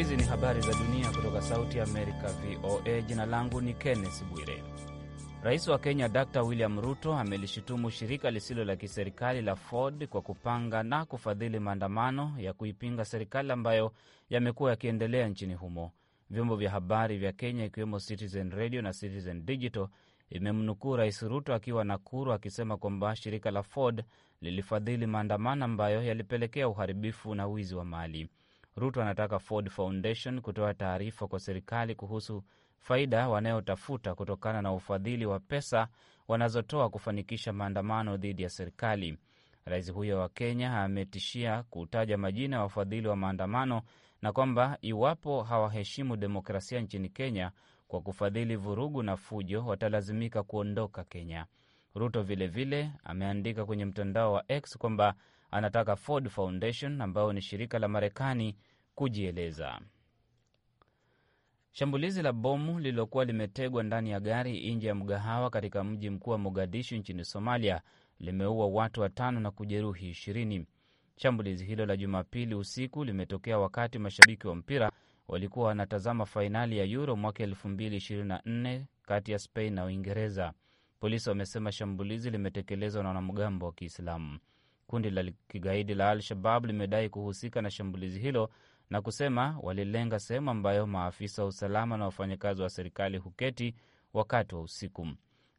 Hizi ni habari za dunia kutoka Sauti ya Amerika, VOA. Jina langu ni Kenneth Bwire. Rais wa Kenya Dr William Ruto amelishutumu shirika lisilo la kiserikali la Ford kwa kupanga na kufadhili maandamano ya kuipinga serikali ambayo yamekuwa yakiendelea nchini humo. Vyombo vya habari vya Kenya ikiwemo Citizen Radio na Citizen Digital imemnukuu Rais Ruto akiwa Nakuru akisema kwamba shirika la Ford lilifadhili maandamano ambayo yalipelekea uharibifu na wizi wa mali. Ruto anataka Ford Foundation kutoa taarifa kwa serikali kuhusu faida wanayotafuta kutokana na ufadhili wa pesa wanazotoa kufanikisha maandamano dhidi ya serikali. Rais huyo wa Kenya ametishia kutaja majina ya wafadhili wa maandamano na kwamba iwapo hawaheshimu demokrasia nchini Kenya kwa kufadhili vurugu na fujo, watalazimika kuondoka Kenya. Ruto vilevile vile ameandika kwenye mtandao wa X kwamba anataka Ford Foundation ambayo ni shirika la Marekani kujieleza. Shambulizi la bomu lililokuwa limetegwa ndani ya gari nje ya mgahawa katika mji mkuu wa Mogadishu nchini Somalia limeua watu watano na kujeruhi ishirini. Shambulizi hilo la Jumapili usiku limetokea wakati mashabiki wa mpira walikuwa wanatazama fainali ya Euro mwaka nne kati ya Spain na Uingereza. Polisi wamesema shambulizi limetekelezwa na wanamgambo wa Kiislamu. Kundi la kigaidi la Al Shabab limedai kuhusika na shambulizi hilo na kusema walilenga sehemu ambayo maafisa wa usalama na wafanyakazi wa serikali huketi wakati wa usiku.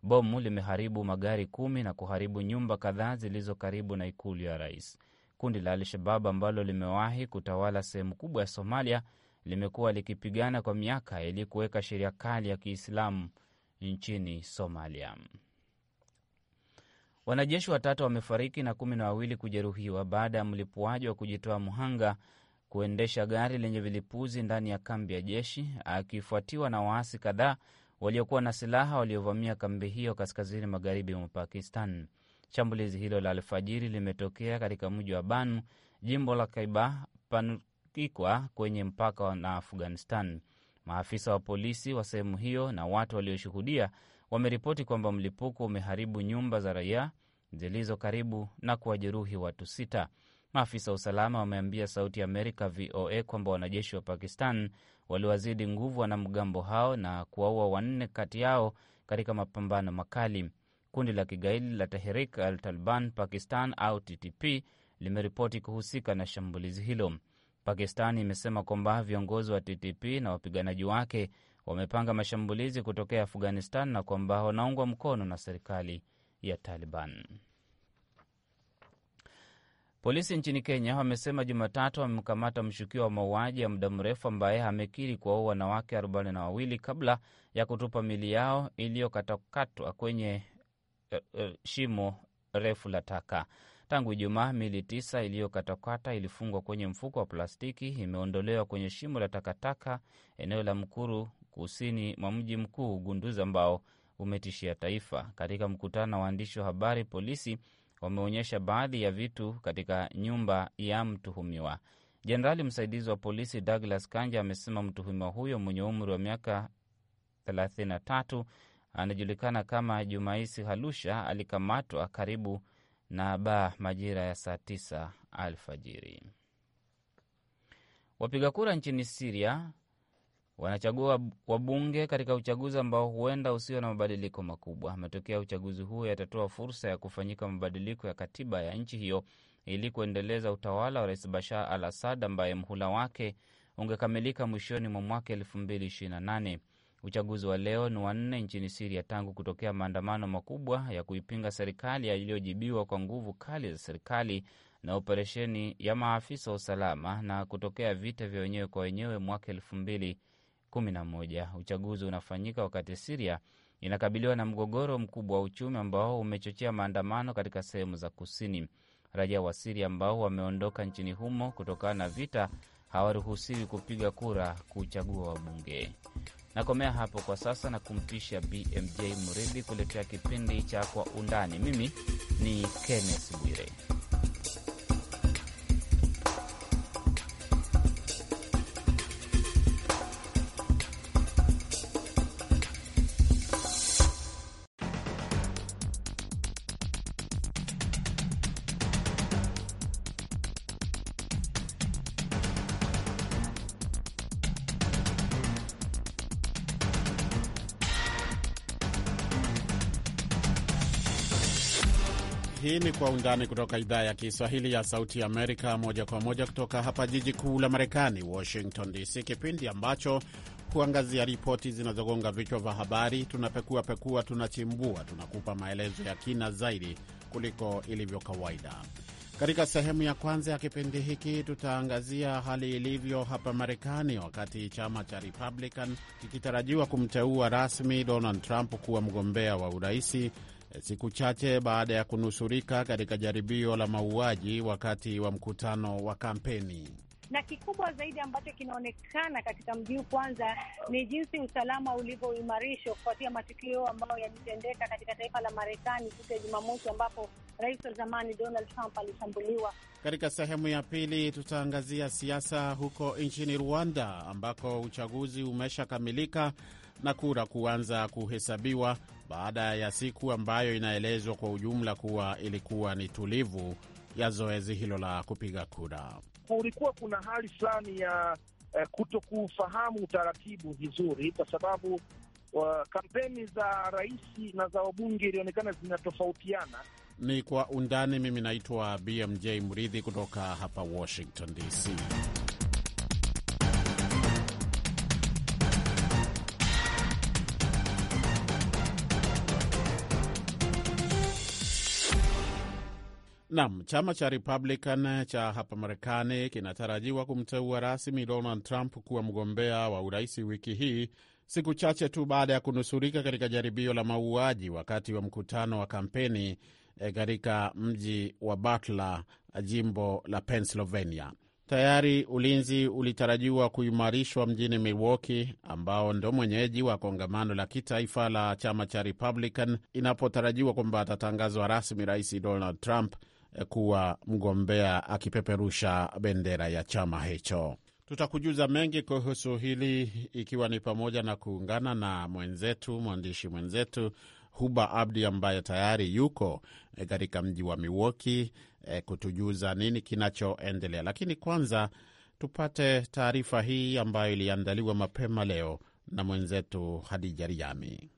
Bomu limeharibu magari kumi na kuharibu nyumba kadhaa zilizo karibu na ikulu ya rais. Kundi la Al-Shabab ambalo limewahi kutawala sehemu kubwa ya Somalia limekuwa likipigana kwa miaka ili kuweka sheria kali ya Kiislamu nchini Somalia. Wanajeshi watatu wamefariki na kumi na wawili kujeruhiwa baada ya mlipuaji wa kujitoa mhanga kuendesha gari lenye vilipuzi ndani ya kambi ya jeshi akifuatiwa na waasi kadhaa waliokuwa na silaha waliovamia kambi hiyo kaskazini magharibi mwa Pakistan. Shambulizi hilo la alfajiri limetokea katika mji wa Banu, jimbo la Kaiba Panukikwa, kwenye mpaka na Afghanistan. Maafisa wa polisi wa sehemu hiyo na watu walioshuhudia wameripoti kwamba mlipuko umeharibu nyumba za raia zilizo karibu na kuwajeruhi watu sita. Maafisa wa usalama wameambia Sauti ya Amerika VOA kwamba wanajeshi wa Pakistan waliwazidi nguvu wanamgambo hao na kuwaua wanne kati yao katika mapambano makali. Kundi la kigaidi la Tehrik al Taliban Pakistan au TTP limeripoti kuhusika na shambulizi hilo. Pakistan imesema kwamba viongozi wa TTP na wapiganaji wake wamepanga mashambulizi kutokea Afghanistan na kwamba wanaungwa mkono na serikali ya Taliban. Polisi nchini Kenya wamesema Jumatatu wamemkamata mshukiwa wa mauaji ya muda mrefu ambaye amekiri kuwaua wanawake 4 wawili kabla ya kutupa mili yao iliyokatakatwa kwenye eh, eh, shimo refu la taka. Tangu Ijumaa, mili tisa iliyokatakata ilifungwa kwenye mfuko wa plastiki imeondolewa kwenye shimo la takataka eneo la Mkuru, kusini mwa mji mkuu, ugunduzi ambao umetishia taifa. Katika mkutano wa waandishi wa habari, polisi wameonyesha baadhi ya vitu katika nyumba ya mtuhumiwa. Jenerali msaidizi wa polisi Douglas Kanja amesema mtuhumiwa huyo mwenye umri wa miaka 33 anajulikana kama Jumaisi Halusha alikamatwa karibu na baa majira ya saa 9 alfajiri. Wapiga kura nchini Siria wanachagua wabunge katika uchaguzi ambao huenda usio na mabadiliko makubwa. Matokeo ya uchaguzi huo yatatoa fursa ya kufanyika mabadiliko ya katiba ya nchi hiyo ili kuendeleza utawala wa Rais Bashar al Assad ambaye mhula wake ungekamilika mwishoni mwa mwaka elfu mbili ishirini na nane. Uchaguzi wa leo ni wanne nchini Siria tangu kutokea maandamano makubwa ya kuipinga serikali yaliyojibiwa kwa nguvu kali za serikali na operesheni ya maafisa wa usalama na kutokea vita vya wenyewe kwa wenyewe mwaka elfu mbili 11. Uchaguzi unafanyika wakati Siria inakabiliwa na mgogoro mkubwa wa uchumi ambao umechochea maandamano katika sehemu za kusini. Raia wa Siria ambao wameondoka nchini humo kutokana na vita hawaruhusiwi kupiga kura kuchagua wabunge. Nakomea hapo kwa sasa na kumpisha BMJ Muridhi kuletea kipindi cha Kwa Undani. Mimi ni Kenneth Bwire. kwa undani kutoka idhaa ya Kiswahili ya Sauti ya Amerika, moja kwa moja kutoka hapa jiji kuu la Marekani, Washington DC, kipindi ambacho kuangazia ripoti zinazogonga vichwa vya habari. Tunapekua pekua, tunachimbua, tunakupa maelezo ya kina zaidi kuliko ilivyo kawaida. Katika sehemu ya kwanza ya kipindi hiki tutaangazia hali ilivyo hapa Marekani, wakati chama cha Republican kikitarajiwa kumteua rasmi Donald Trump kuwa mgombea wa uraisi siku chache baada ya kunusurika katika jaribio la mauaji wakati wa mkutano wa kampeni. Na kikubwa zaidi ambacho kinaonekana katika mji huu kwanza ni jinsi usalama ulivyoimarishwa kufuatia matukio ambayo yalitendeka katika taifa la Marekani siku ya Jumamosi ambapo rais wa zamani Donald Trump alishambuliwa. Katika sehemu ya pili tutaangazia siasa huko nchini Rwanda ambako uchaguzi umeshakamilika na kura kuanza kuhesabiwa baada ya siku ambayo inaelezwa kwa ujumla kuwa ilikuwa ni tulivu ya zoezi hilo la kupiga kura. Kulikuwa kuna hali fulani ya eh, kuto kufahamu utaratibu vizuri, kwa sababu wa, kampeni za rais na za wabunge ilionekana zinatofautiana. Ni kwa undani. Mimi naitwa BMJ Mridhi kutoka hapa Washington DC. Nam, chama cha Republican cha hapa Marekani kinatarajiwa kumteua rasmi Donald Trump kuwa mgombea wa urais wiki hii, siku chache tu baada ya kunusurika katika jaribio la mauaji wakati wa mkutano wa kampeni eh, katika mji wa Butler, jimbo la Pennsylvania. Tayari ulinzi ulitarajiwa kuimarishwa mjini Milwaukee, ambao ndo mwenyeji wa kongamano la kitaifa la chama cha Republican, inapotarajiwa kwamba atatangazwa rasmi Rais Donald Trump Eh, kuwa mgombea akipeperusha bendera ya chama hicho. Tutakujuza mengi kuhusu hili ikiwa ni pamoja na kuungana na mwenzetu mwandishi mwenzetu Huba Abdi ambaye tayari yuko eh, katika mji wa Milwaukee eh, kutujuza nini kinachoendelea. Lakini kwanza tupate taarifa hii ambayo iliandaliwa mapema leo na mwenzetu Hadija Riami.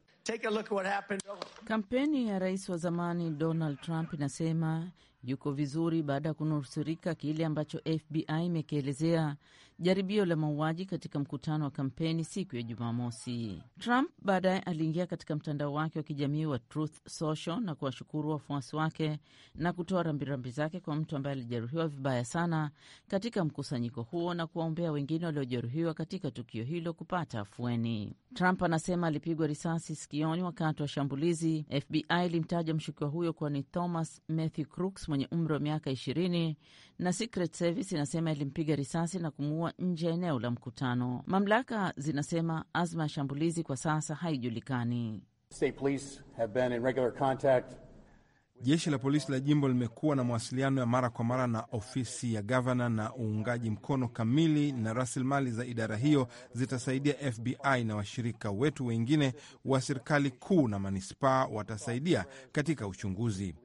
Kampeni ya rais wa zamani Donald Trump inasema yuko vizuri baada ya kunusurika kile ambacho FBI imekielezea jaribio la mauaji katika mkutano wa kampeni siku ya Jumamosi. Trump baadaye aliingia katika mtandao wake wa kijamii wa Truth Social na kuwashukuru wafuasi wake na kutoa rambirambi zake kwa mtu ambaye alijeruhiwa vibaya sana katika mkusanyiko huo na kuwaombea wengine waliojeruhiwa katika tukio hilo kupata afueni. Trump anasema alipigwa risasi sikioni wakati wa shambulizi. FBI ilimtaja mshukiwa huyo kuwa ni Thomas Matthew Crooks mwenye umri wa miaka 20 na Secret Service inasema ilimpiga risasi na kumuua kuamua nje ya eneo la mkutano. Mamlaka zinasema azma ya shambulizi kwa sasa haijulikani. Jeshi la polisi la jimbo limekuwa na mawasiliano ya mara kwa mara na ofisi ya gavana, na uungaji mkono kamili na rasilimali za idara hiyo zitasaidia FBI na washirika wetu wengine wa serikali kuu na manispaa watasaidia katika uchunguzi.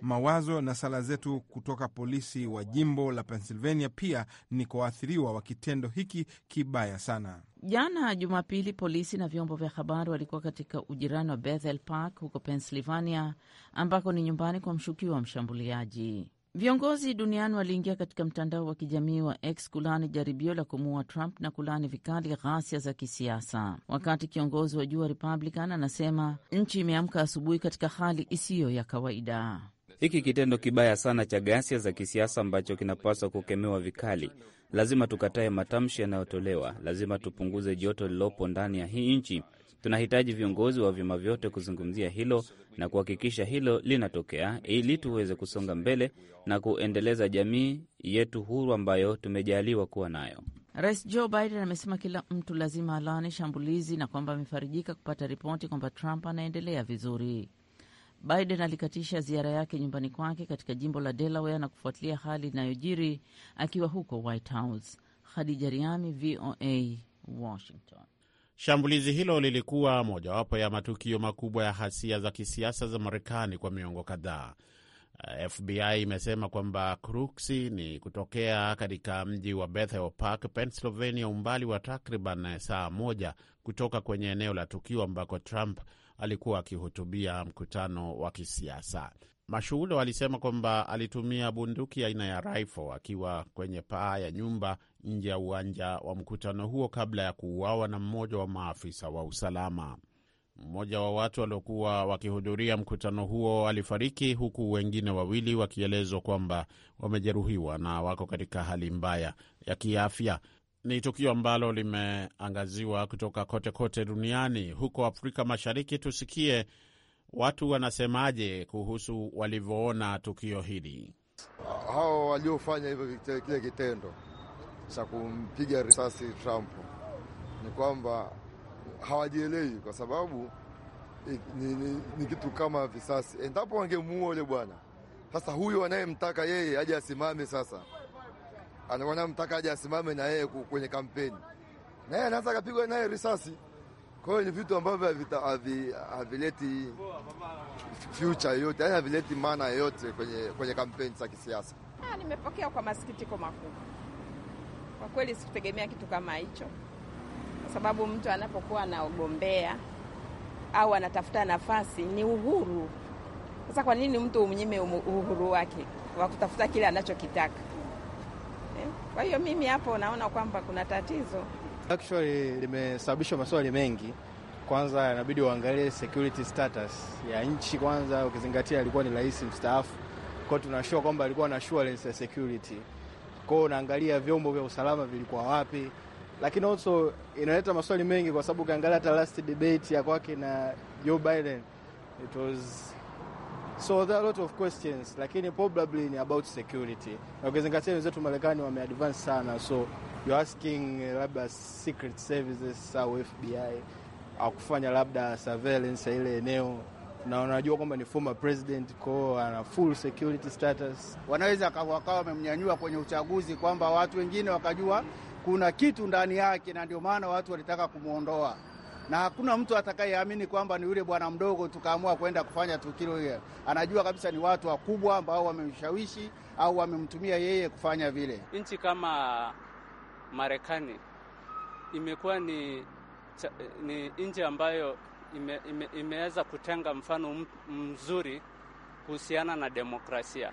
Mawazo na sala zetu kutoka polisi wa jimbo la Pennsylvania pia ni kwa waathiriwa wa kitendo hiki kibaya sana. Jana Jumapili, polisi na vyombo vya habari walikuwa katika ujirani wa Bethel Park huko Pennsylvania, ambako ni nyumbani kwa mshukiwa wa mshambuliaji. Viongozi duniani waliingia katika mtandao wa kijamii wa X kulani jaribio la kumuua Trump na kulani vikali ghasia za kisiasa, wakati kiongozi wa juu wa Republican anasema nchi imeamka asubuhi katika hali isiyo ya kawaida hiki kitendo kibaya sana cha ghasia za kisiasa ambacho kinapaswa kukemewa vikali. Lazima tukatae matamshi yanayotolewa, lazima tupunguze joto lililopo ndani ya hii nchi. Tunahitaji viongozi wa vyama vyote kuzungumzia hilo na kuhakikisha hilo linatokea, ili tuweze kusonga mbele na kuendeleza jamii yetu huru ambayo tumejaliwa kuwa nayo. Rais Joe Biden amesema kila mtu lazima alaani shambulizi na kwamba amefarijika kupata ripoti kwamba Trump anaendelea vizuri. Biden alikatisha ziara yake nyumbani kwake katika jimbo la Delaware na kufuatilia hali inayojiri akiwa huko White House. Khadija Riami, VOA Washington. Shambulizi hilo lilikuwa mojawapo ya matukio makubwa ya hasia za kisiasa za Marekani kwa miongo kadhaa. Eh, FBI imesema kwamba Kruksi ni kutokea katika mji wa Bethel Park, Pennsylvania, umbali wa takriban saa moja kutoka kwenye eneo la tukio ambako Trump alikuwa akihutubia mkutano wa kisiasa. Mashuhuda walisema kwamba alitumia bunduki aina ya rifle akiwa kwenye paa ya nyumba nje ya uwanja wa mkutano huo kabla ya kuuawa na mmoja wa maafisa wa usalama. Mmoja wa watu waliokuwa wakihudhuria mkutano huo alifariki huku wengine wawili wakielezwa kwamba wamejeruhiwa na wako katika hali mbaya ya kiafya ni tukio ambalo limeangaziwa kutoka kote kote duniani. Huko Afrika Mashariki, tusikie watu wanasemaje kuhusu walivyoona tukio hili. Hao waliofanya hivyo kile kitendo cha kumpiga risasi Trump ni kwamba hawajielewi, kwa sababu ni, ni, ni kitu kama visasi. Endapo wangemuua yule bwana sasa, huyu anayemtaka yeye aje asimame sasa anaona mpaka aje asimame na yeye kwenye kampeni, na yeye anaanza akapigwa naye risasi. Kwa hiyo ni vitu ambavyo havileti future yoyote, yani havileti maana yoyote kwenye, kwenye kampeni za kisiasa. Ah, nimepokea kwa masikitiko makubwa kwa kweli, sikutegemea kitu kama hicho, kwa sababu mtu anapokuwa anagombea au anatafuta nafasi ni uhuru. Sasa kwa nini mtu umnyime uhuru wake wa kutafuta kile anachokitaka? Kwa hiyo mimi hapo naona kwamba kuna tatizo. Actually limesababisha maswali mengi. Kwanza inabidi uangalie security status ya nchi kwanza, ukizingatia alikuwa ni rais mstaafu, kwao tunashua kwamba alikuwa na assurance ya security kwao, unaangalia vyombo vya usalama vilikuwa wapi, lakini also inaleta maswali mengi, kwa sababu ukiangalia hata last debate ya kwake na Joe Biden it was So there are a lot of questions, lakini probably ni about security, na ukizingatia wenzetu Marekani wameadvance sana, so you're asking eh, labda secret services au FBI au kufanya labda surveillance ya ile eneo na unajua kwamba ni former president, kwao ana full security status. Wanaweza wakawa wamemnyanyua kwenye uchaguzi, kwamba watu wengine wakajua kuna kitu ndani yake, na ndio maana watu walitaka kumwondoa na hakuna mtu atakayeamini kwamba ni yule bwana mdogo tukaamua kwenda kufanya tukio hiyo Anajua kabisa ni watu wakubwa ambao wamemshawishi au wamemtumia yeye kufanya vile. Nchi kama Marekani imekuwa ni, ni nchi ambayo ime, ime, imeweza kutenga mfano mzuri kuhusiana na demokrasia.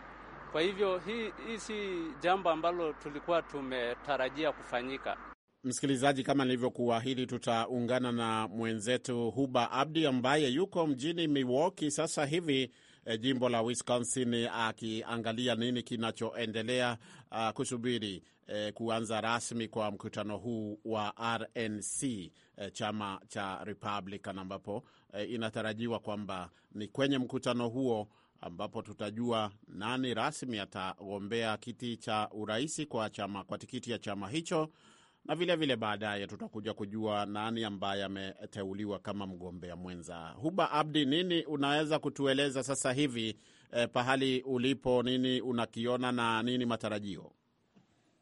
Kwa hivyo hii si jambo ambalo tulikuwa tumetarajia kufanyika. Msikilizaji, kama nilivyokuahidi, tutaungana na mwenzetu Huba Abdi ambaye yuko mjini Milwaukee sasa hivi e, jimbo la Wisconsin, akiangalia nini kinachoendelea ah, kusubiri e, kuanza rasmi kwa mkutano huu wa RNC e, eh, chama cha Republican, ambapo e, inatarajiwa kwamba ni kwenye mkutano huo ambapo tutajua nani rasmi atagombea kiti cha urahisi kwa chama, kwa tikiti ya chama hicho na vilevile baadaye tutakuja kujua nani ambaye ameteuliwa kama mgombea mwenza. Huba Abdi, nini unaweza kutueleza sasa hivi eh, pahali ulipo, nini unakiona na nini matarajio?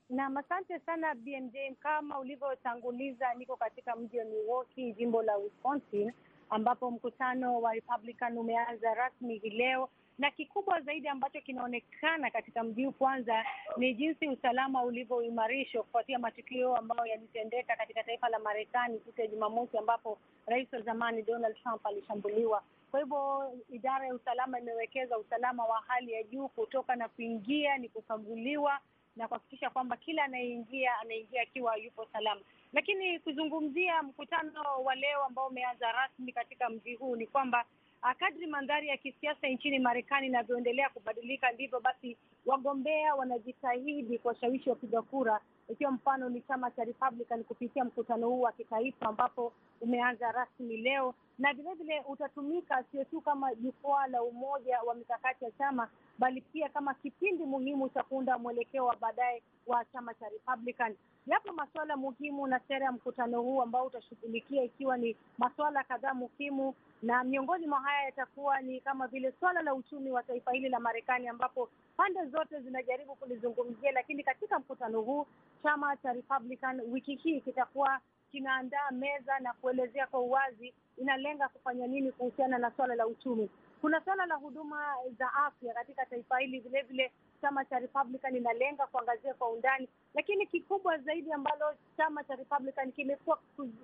Nam, asante sana BMJ. Kama ulivyotanguliza, niko katika mji wa Milwaukee, jimbo la Wisconsin, ambapo mkutano wa Republican umeanza rasmi hii leo na kikubwa zaidi ambacho kinaonekana katika mji huu kwanza ni jinsi usalama ulivyoimarishwa kufuatia matukio ambayo yalitendeka katika taifa la Marekani siku ya Jumamosi ambapo rais wa zamani Donald Trump alishambuliwa. Kwa hivyo idara ya usalama imewekeza usalama wa hali ya juu, kutoka na kuingia ni kukaguliwa na kuhakikisha kwamba kila anayeingia anaingia akiwa yupo salama. Lakini kuzungumzia mkutano wa leo ambao umeanza rasmi katika mji huu ni kwamba Ah, kadri mandhari ya kisiasa nchini Marekani inavyoendelea kubadilika, ndivyo basi wagombea wanajitahidi kuwashawishi wapiga kura, ikiwa mfano ni chama cha Republican kupitia mkutano huu wa kitaifa ambapo umeanza rasmi leo na vilevile utatumika sio tu kama jukwaa la umoja wa mikakati ya chama bali pia kama kipindi muhimu cha kuunda mwelekeo wa baadaye wa chama cha Republican. Yapo masuala muhimu na sera ya mkutano huu ambao utashughulikia ikiwa ni masuala kadhaa muhimu, na miongoni mwa haya yatakuwa ni kama vile suala la uchumi wa taifa hili la Marekani, ambapo pande zote zinajaribu kulizungumzia, lakini katika mkutano huu chama cha Republican wiki hii kitakuwa kinaandaa meza na kuelezea kwa uwazi inalenga kufanya nini kuhusiana na swala la uchumi. Kuna swala la huduma za afya katika taifa hili, vilevile chama cha Republican inalenga kuangazia kwa undani, lakini kikubwa zaidi ambalo chama cha Republican kimekuwa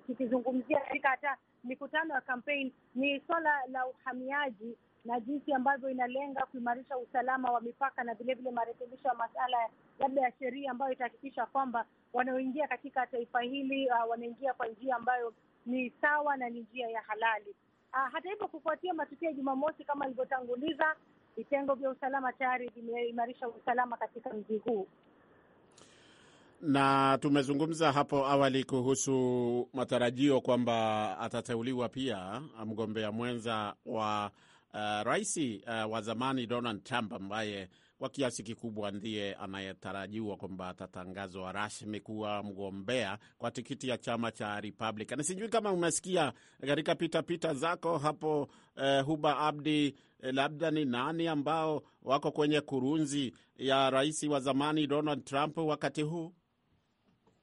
kikizungumzia katika hata mikutano ya kampeni ni swala la uhamiaji na jinsi ambavyo inalenga kuimarisha usalama wa mipaka na vilevile marekebisho ya masala labda ya sheria ambayo itahakikisha kwamba wanaoingia katika taifa hili uh, wanaingia kwa njia ambayo ni sawa na ni njia ya halali. Uh, hata hivyo, kufuatia matukio ya Jumamosi kama ilivyotanguliza, vitengo vya usalama tayari vimeimarisha usalama katika mji huu na tumezungumza hapo awali kuhusu matarajio kwamba atateuliwa pia mgombea mwenza wa uh, rais uh, wa zamani Donald Trump ambaye kwa kiasi kikubwa ndiye anayetarajiwa kwamba atatangazwa rasmi kuwa mgombea kwa tikiti ya chama cha Republican. Sijui kama umesikia katika pitapita zako hapo eh, Huba Abdi, eh, labda ni nani ambao wako kwenye kurunzi ya rais wa zamani Donald Trump wakati huu?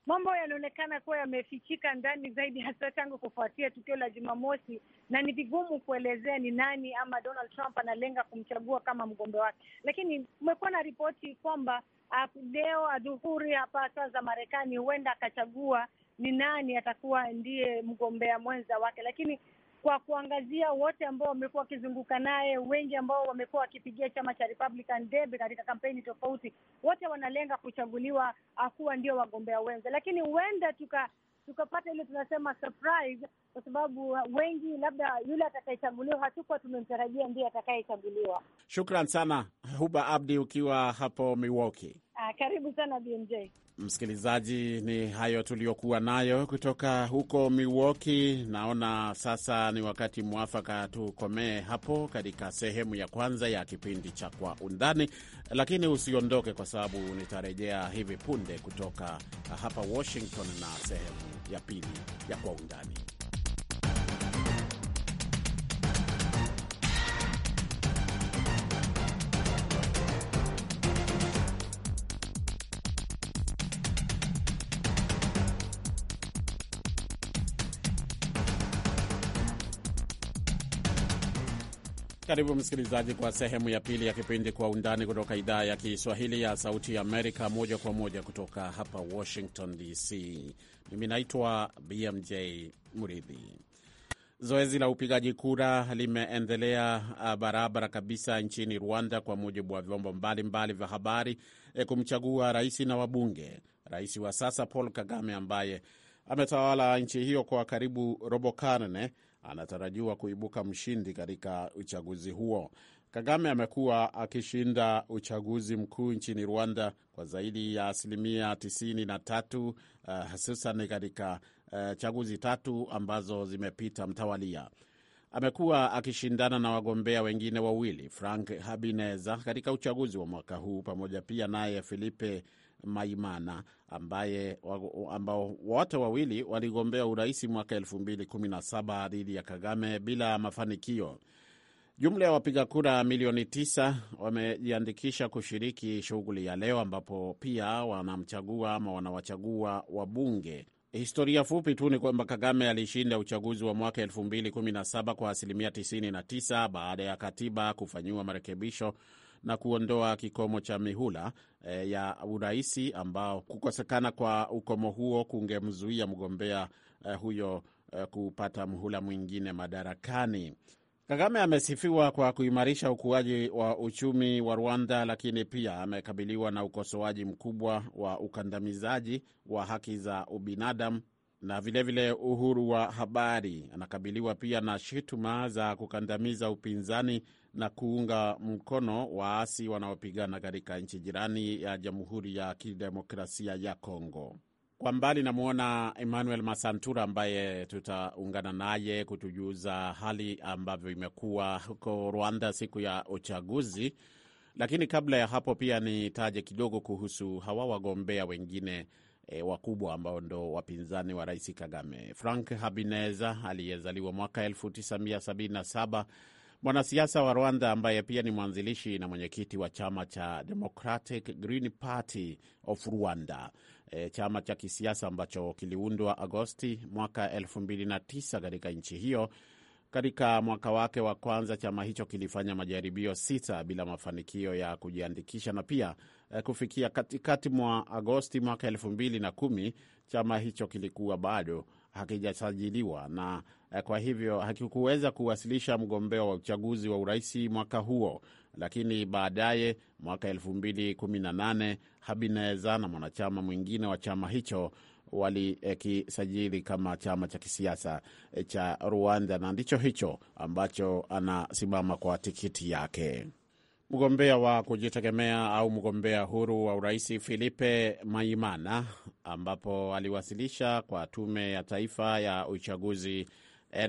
Mambo yanaonekana kuwa yamefichika ndani zaidi, hasa tangu kufuatia tukio la Jumamosi, na ni vigumu kuelezea ni nani ama Donald Trump analenga kumchagua kama mgombea wake, lakini kumekuwa na ripoti kwamba ah, leo adhuhuri hapa saa za Marekani huenda akachagua ni nani atakuwa ndiye mgombea mwenza wake, lakini kwa kuangazia wote ambao wamekuwa wakizunguka naye, wengi ambao wamekuwa wakipigia chama cha Republican debe katika kampeni tofauti, wote wanalenga kuchaguliwa ah, kuwa ndio wagombea wenza, lakini huenda tuka tukapata ile tunasema surprise, kwa sababu ah, wengi labda yule atakayechaguliwa hatukuwa tumemtarajia ndiye atakayechaguliwa. Shukran sana Huba Abdi ukiwa hapo Milwaukee. Karibu sana BMJ. Msikilizaji, ni hayo tuliyokuwa nayo kutoka huko Milwaukee. Naona sasa ni wakati mwafaka tukomee hapo katika sehemu ya kwanza ya kipindi cha Kwa Undani, lakini usiondoke, kwa sababu nitarejea hivi punde kutoka hapa Washington na sehemu ya pili ya Kwa Undani. Karibu msikilizaji, kwa sehemu ya pili ya kipindi Kwa Undani kutoka idhaa ya Kiswahili ya Sauti ya Amerika, moja kwa moja kutoka hapa Washington DC. Mimi naitwa BMJ Muridhi. Zoezi la upigaji kura limeendelea ah, barabara kabisa nchini Rwanda, kwa mujibu wa vyombo mbalimbali vya habari, eh, kumchagua rais na wabunge. Rais wa sasa Paul Kagame ambaye ametawala nchi hiyo kwa karibu robo karne anatarajiwa kuibuka mshindi katika uchaguzi huo. Kagame amekuwa akishinda uchaguzi mkuu nchini Rwanda kwa zaidi ya asilimia 93, uh, eh, hususan katika uh, chaguzi tatu ambazo zimepita mtawalia. Amekuwa akishindana na wagombea wengine wawili, Frank Habineza katika uchaguzi wa mwaka huu, pamoja pia naye Filipe Maimana ambaye ambao wote wawili waligombea urais mwaka 2017 dhidi ya Kagame bila mafanikio. Jumla ya wapiga kura milioni tisa wamejiandikisha kushiriki shughuli ya leo, ambapo pia wanamchagua ama wanawachagua wabunge. Historia fupi tu ni kwamba Kagame alishinda uchaguzi wa mwaka 2017 kwa asilimia 99 baada ya katiba kufanyiwa marekebisho na kuondoa kikomo cha mihula e, ya uraisi ambao kukosekana kwa ukomo huo kungemzuia mgombea e, huyo e, kupata mhula mwingine madarakani. Kagame amesifiwa kwa kuimarisha ukuaji wa uchumi wa Rwanda, lakini pia amekabiliwa na ukosoaji mkubwa wa ukandamizaji wa haki za ubinadamu na vilevile vile uhuru wa habari. Anakabiliwa pia na shutuma za kukandamiza upinzani na kuunga mkono waasi wanaopigana katika nchi jirani ya Jamhuri ya Kidemokrasia ya Kongo. Kwa mbali namwona Emmanuel Masantura ambaye tutaungana naye kutujuza hali ambavyo imekuwa huko Rwanda siku ya uchaguzi. Lakini kabla ya hapo pia nitaje kidogo kuhusu hawa wagombea wengine e, wakubwa ambao ndo wapinzani wa Rais Kagame. Frank Habineza aliyezaliwa mwaka 1977 Mwanasiasa wa Rwanda ambaye pia ni mwanzilishi na mwenyekiti wa chama cha Democratic Green Party of Rwanda, e, chama cha kisiasa ambacho kiliundwa Agosti mwaka 2009 katika nchi hiyo. Katika mwaka wake wa kwanza, chama hicho kilifanya majaribio sita bila mafanikio ya kujiandikisha, na pia e, kufikia katikati mwa Agosti mwaka 2010 chama hicho kilikuwa bado hakijasajiliwa na eh, kwa hivyo hakikuweza kuwasilisha mgombea wa uchaguzi wa uraisi mwaka huo, lakini baadaye mwaka 2018 Habineza na mwanachama mwingine wa chama hicho walikisajili kama chama cha kisiasa eh, cha Rwanda, na ndicho hicho ambacho anasimama kwa tikiti yake. Mgombea wa kujitegemea au mgombea huru wa urais Filipe Maimana ambapo aliwasilisha kwa Tume ya Taifa ya Uchaguzi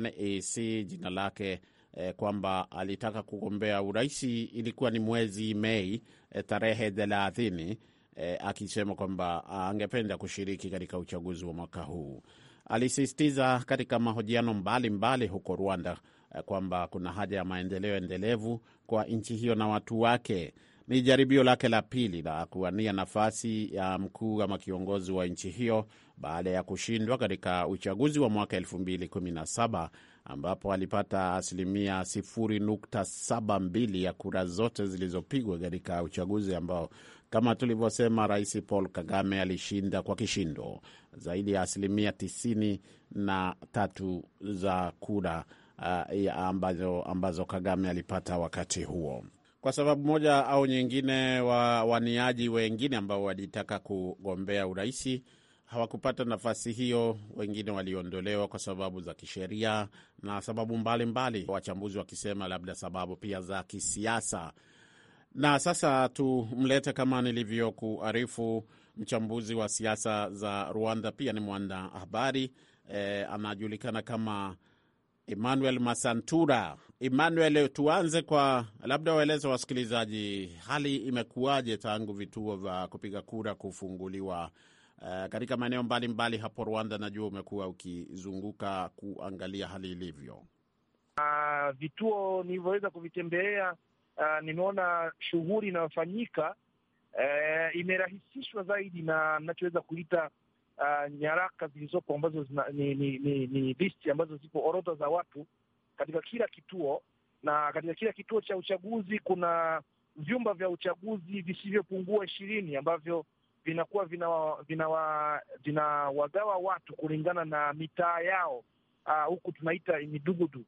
NEC jina lake eh, kwamba alitaka kugombea uraisi. Ilikuwa ni mwezi Mei eh, tarehe thelathini, eh, akisema kwamba angependa kushiriki katika uchaguzi wa mwaka huu. Alisisitiza katika mahojiano mbalimbali mbali huko Rwanda eh, kwamba kuna haja ya maendeleo endelevu kwa nchi hiyo na watu wake. Ni jaribio lake la pili la kuwania nafasi ya mkuu ama kiongozi wa nchi hiyo baada ya kushindwa katika uchaguzi wa mwaka 2017 ambapo alipata asilimia 0.72 ya kura zote zilizopigwa katika uchaguzi ambao kama tulivyosema, Rais Paul Kagame alishinda kwa kishindo, zaidi ya asilimia 93 za kura uh, ambazo, ambazo Kagame alipata wakati huo kwa sababu moja au nyingine, wa waniaji wengine ambao walitaka kugombea uraisi hawakupata nafasi hiyo. Wengine waliondolewa kwa sababu za kisheria na sababu mbalimbali mbali. Wachambuzi wakisema labda sababu pia za kisiasa. Na sasa tumlete, kama nilivyokuarifu, mchambuzi wa siasa za Rwanda, pia ni mwanda habari e, anajulikana kama Emmanuel Masantura Emmanuel, tuanze kwa labda waeleze wasikilizaji hali imekuwaje tangu vituo vya kupiga kura kufunguliwa uh, katika maeneo mbalimbali hapo Rwanda. Najua umekuwa ukizunguka kuangalia hali ilivyo. Uh, vituo nilivyoweza kuvitembelea, uh, nimeona shughuli inayofanyika uh, imerahisishwa zaidi na mnachoweza kuita uh, nyaraka zilizopo ambazo zina, ni, ni, ni, ni listi ambazo zipo orodha za watu katika kila kituo, na katika kila kituo cha uchaguzi kuna vyumba vya uchaguzi visivyopungua ishirini ambavyo vinakuwa vinawagawa vina vina watu kulingana na mitaa yao, uh, huku tunaita midugudu,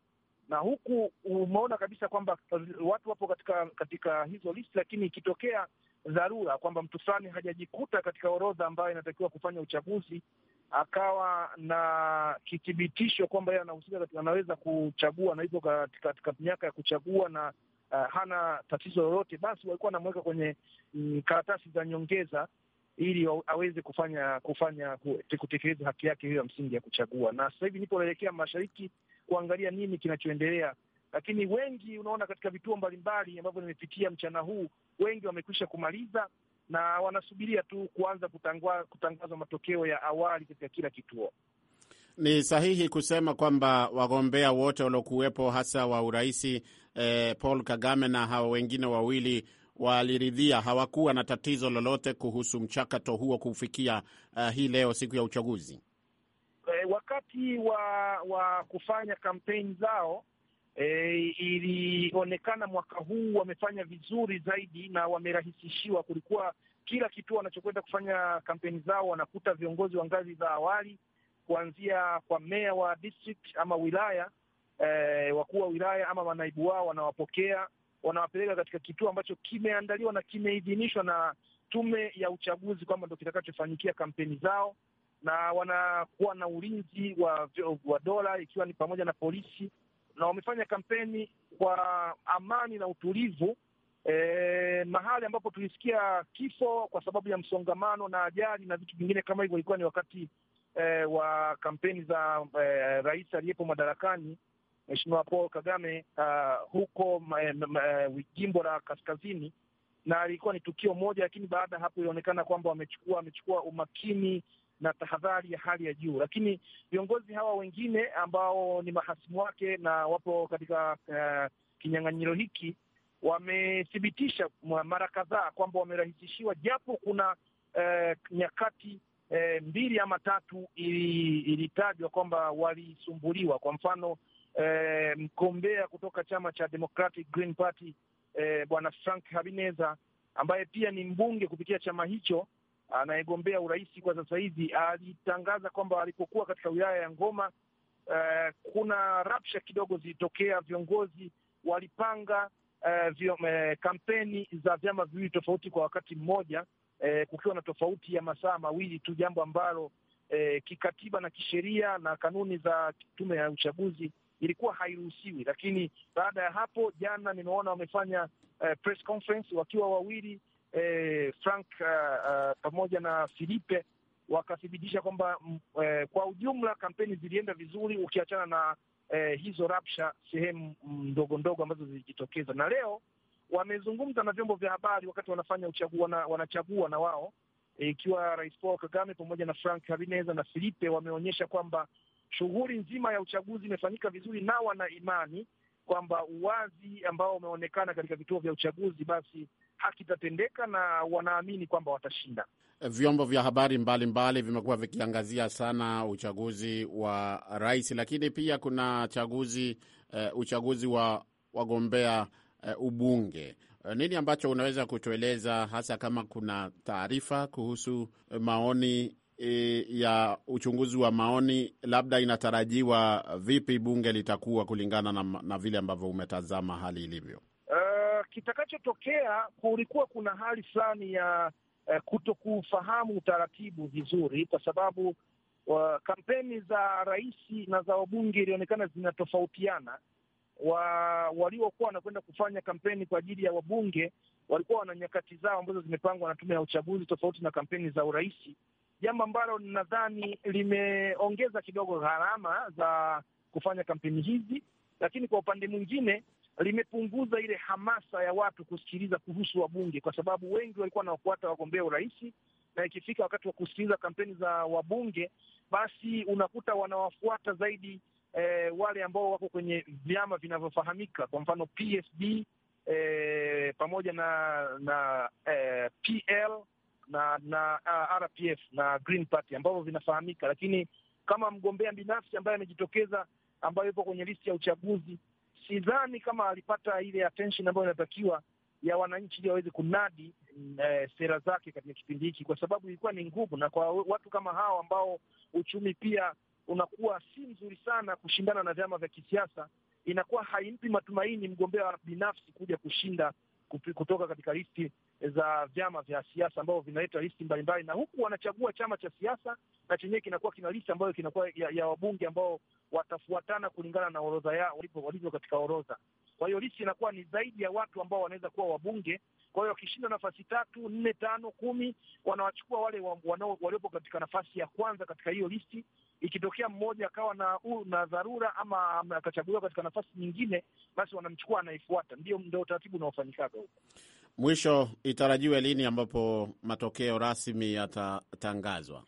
na huku umeona kabisa kwamba watu wapo katika katika hizo listi, lakini ikitokea dharura kwamba mtu fulani hajajikuta katika orodha ambayo inatakiwa kufanya uchaguzi, akawa na kithibitisho kwamba yeye anahusika, anaweza kuchagua na hivyo katika, katika miaka ya kuchagua na uh, hana tatizo lolote, basi walikuwa anamweka kwenye mm, karatasi za nyongeza ili aweze kufanya kufanya kutekeleza haki yake hiyo ya msingi ya kuchagua. Na sasa hivi nipo naelekea mashariki kuangalia nini kinachoendelea, lakini wengi unaona katika vituo mbalimbali ambavyo nimepitia mchana huu, wengi wamekwisha kumaliza na wanasubiria tu kuanza kutangazwa matokeo ya awali katika kila kituo. Ni sahihi kusema kwamba wagombea wote waliokuwepo hasa wa uraisi eh, Paul Kagame na hawa wengine wawili waliridhia, hawakuwa na tatizo lolote kuhusu mchakato huo kufikia uh, hii leo siku ya uchaguzi. Eh, wakati wa, wa kufanya kampeni zao E, ilionekana mwaka huu wamefanya vizuri zaidi na wamerahisishiwa. Kulikuwa kila kituo wanachokwenda kufanya kampeni zao wanakuta viongozi wa ngazi za awali kuanzia kwa meya wa district ama wilaya e, wakuu wa wilaya ama manaibu wao wanawapokea, wanawapeleka katika kituo ambacho kimeandaliwa na kimeidhinishwa na tume ya uchaguzi kwamba ndo kitakachofanyikia kampeni zao, na wanakuwa na ulinzi wa, wa dola ikiwa ni pamoja na polisi na wamefanya kampeni kwa amani na utulivu e, mahali ambapo tulisikia kifo kwa sababu ya msongamano na ajali na vitu vingine kama hivyo, ilikuwa ni wakati e, wa kampeni za e, rais aliyepo madarakani Mheshimiwa Paul Kagame uh, huko e, e, jimbo la kaskazini, na ilikuwa ni tukio moja, lakini baada ya hapo ilionekana kwamba wamechukua wamechukua umakini na tahadhari ya hali ya juu, lakini viongozi hawa wengine ambao ni mahasimu wake na wapo katika uh, kinyang'anyiro hiki wamethibitisha mara kadhaa kwamba wamerahisishiwa, japo kuna uh, nyakati uh, mbili ama tatu ilitajwa kwamba walisumbuliwa. Kwa mfano uh, mgombea kutoka chama cha Democratic Green Party uh, bwana Frank Habineza ambaye pia ni mbunge kupitia chama hicho anayegombea urais kwa sasa hivi alitangaza kwamba alipokuwa katika wilaya ya Ngoma uh, kuna rapsha kidogo zilitokea. Viongozi walipanga uh, uh, kampeni za vyama viwili tofauti kwa wakati mmoja uh, kukiwa na tofauti ya masaa mawili tu, jambo ambalo uh, kikatiba na kisheria na kanuni za tume ya uchaguzi ilikuwa hairuhusiwi. Lakini baada ya hapo, jana nimeona wamefanya uh, press conference wakiwa wawili eh, Frank uh, uh, pamoja na Filipe wakathibitisha kwamba eh, kwa ujumla kampeni zilienda vizuri, ukiachana na eh, hizo rapsha sehemu ndogo ndogo ambazo zilijitokeza. Na leo wamezungumza na vyombo vya habari wakati wanafanya uchagu, wana, wanachagua na wao ikiwa e, Rais Paul Kagame pamoja na Frank Habineza na Filipe wameonyesha kwamba shughuli nzima ya uchaguzi imefanyika vizuri na wana imani kwamba uwazi ambao umeonekana katika vituo vya uchaguzi basi hakitatendeka na wanaamini kwamba watashinda. Eh, vyombo vya habari mbalimbali vimekuwa vikiangazia sana uchaguzi wa rais, lakini pia kuna chaguzi uh, uchaguzi wa wagombea uh, ubunge. Nini ambacho unaweza kutueleza hasa kama kuna taarifa kuhusu maoni e, ya uchunguzi wa maoni, labda inatarajiwa vipi bunge litakuwa kulingana na, na vile ambavyo umetazama hali ilivyo? kitakachotokea kulikuwa kuna hali fulani ya eh, kuto kufahamu utaratibu vizuri, kwa sababu uh, kampeni za rais na za wabunge ilionekana zinatofautiana. Wa, waliokuwa wanakwenda kufanya kampeni kwa ajili ya wabunge walikuwa wana nyakati zao ambazo zimepangwa na tume ya uchaguzi, tofauti na kampeni za urais, jambo ambalo nadhani limeongeza kidogo gharama za kufanya kampeni hizi, lakini kwa upande mwingine limepunguza ile hamasa ya watu kusikiliza kuhusu wabunge, kwa sababu wengi walikuwa wanawafuata wagombea urais, na ikifika wakati wa kusikiliza kampeni za wabunge, basi unakuta wanawafuata zaidi eh, wale ambao wako kwenye vyama vinavyofahamika, kwa mfano PSD eh, pamoja na na eh, PL na na uh, ah, RPF na Green Party ambavyo vinafahamika, lakini kama mgombea binafsi ambaye amejitokeza ambayo ipo kwenye listi ya uchaguzi sidhani kama alipata ile attention ambayo inatakiwa ya wananchi ili waweze kunadi e, sera zake katika kipindi hiki, kwa sababu ilikuwa ni ngumu, na kwa watu kama hawa ambao uchumi pia unakuwa si mzuri sana kushindana na vyama vya kisiasa, inakuwa haimpi matumaini mgombea binafsi kuja kushinda kutoka katika listi za vyama vya siasa ambavyo vinaleta listi mbalimbali, na huku wanachagua chama cha siasa na chenyewe kinakuwa kina listi ambayo kinakuwa ya, ya wabunge ambao watafuatana kulingana na orodha yao walivyo katika orodha. Kwa hiyo listi inakuwa ni zaidi ya watu ambao wanaweza kuwa wabunge. Kwa hiyo wakishinda nafasi tatu, nne, tano, kumi, wanawachukua wale waliopo katika nafasi ya kwanza katika hiyo listi. Ikitokea mmoja akawa na uh, na dharura ama akachaguliwa katika nafasi nyingine, basi wanamchukua anaefuata Ndio, ndio utaratibu unaofanyikaga huko. Mwisho itarajiwe lini ambapo matokeo rasmi yatatangazwa?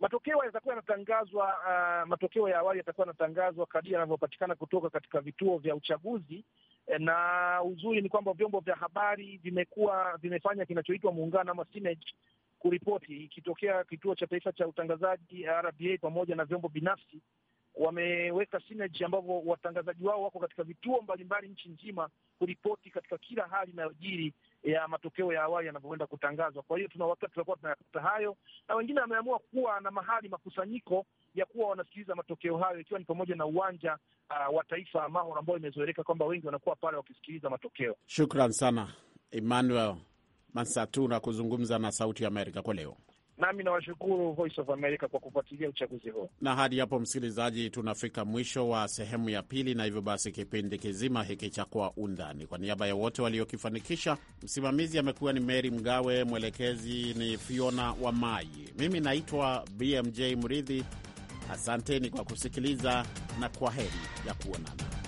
Matokeo yatakuwa yanatangazwa, uh, matokeo ya awali yatakuwa yanatangazwa kadri yanavyopatikana kutoka katika vituo vya uchaguzi eh, na uzuri ni kwamba vyombo vya habari vimekuwa vimefanya kinachoitwa muungano ama sinergy kuripoti, ikitokea kituo cha taifa cha utangazaji rba pamoja na vyombo binafsi wameweka synergy ambavyo watangazaji wao wako katika vituo mbalimbali nchi nzima kuripoti katika kila hali inayojiri ya matokeo ya awali yanavyoenda kutangazwa. Kwa hiyo tuna wakati tunakuwa tunayapata hayo, na wengine wameamua kuwa na mahali makusanyiko ya kuwa wanasikiliza matokeo hayo, ikiwa ni pamoja na uwanja uh, wa taifa mahor ambao imezoeleka kwamba wengi wanakuwa pale wakisikiliza matokeo. Shukran sana Emmanuel Mansatu na kuzungumza na Sauti ya Amerika kwa leo. Nami nawashukuru Voice of America kwa kufuatilia uchaguzi huo. Na hadi hapo, msikilizaji, tunafika mwisho wa sehemu ya pili, na hivyo basi kipindi kizima hiki cha Kwa Undani, kwa niaba ya wote waliokifanikisha, msimamizi amekuwa ni Mary Mgawe, mwelekezi ni Fiona wa Mai, mimi naitwa BMJ Mridhi. Asanteni kwa kusikiliza na kwa heri ya kuonana.